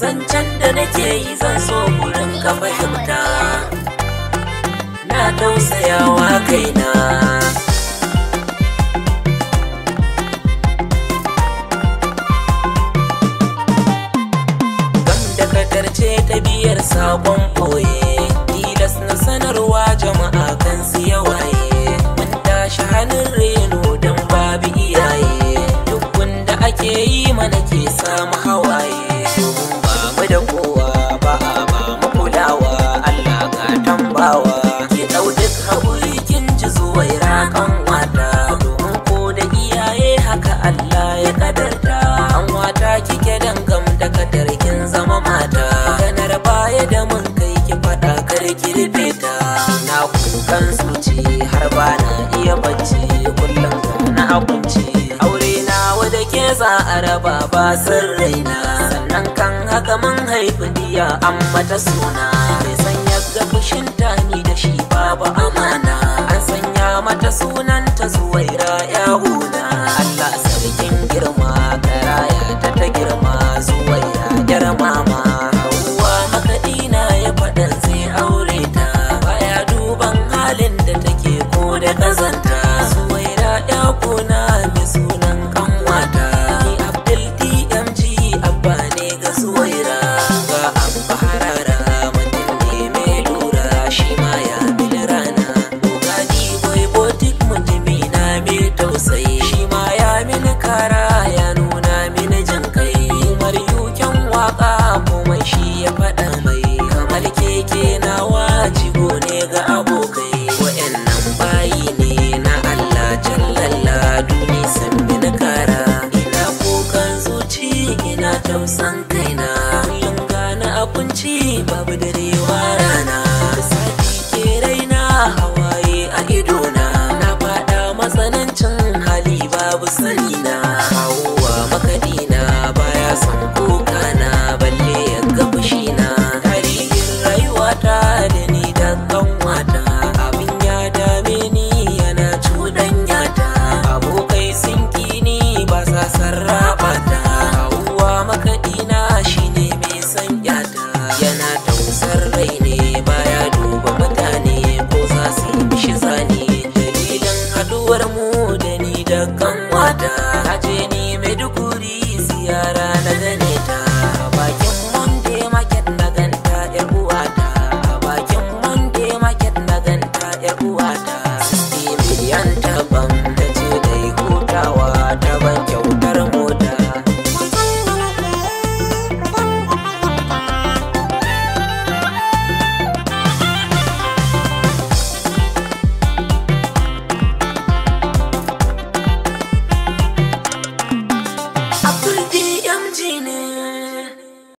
zancen da nake yi zan so gurin ka fahimta na tausayawa kaina ce ta biyar sakon ɓoye, tilas na sanarwa jama'a kan su yawaye kadarta an wata kike dangam da kadar kin zama mata ganar baya da mun kai ki fada kar ki ta na kukan suci har ba na iya bacci kullum na abinci aure na wada ke za a raba ba raina sannan kan haka mun haifi diya amma ta suna bai san yadda fushin ni da shi babu amana Ci babu dare ba rana saki ke raina hawaye a idona na fada matsanancin hali babu sani na hawa makadina baya son kuka na balle ya ga na tarihin rayuwata da ni dan kanwata abin ya dame ni yana ta. abokai sun kini ba sa sarrafa ta san rai ne baya duba mutane ko za su yi mishi zani dalilan haduwar mu da ni da kan wata haje ni maiduguri ziyara na gane ta bakin monde market na ganta yar uwata bakin monde market na ganta yar uwata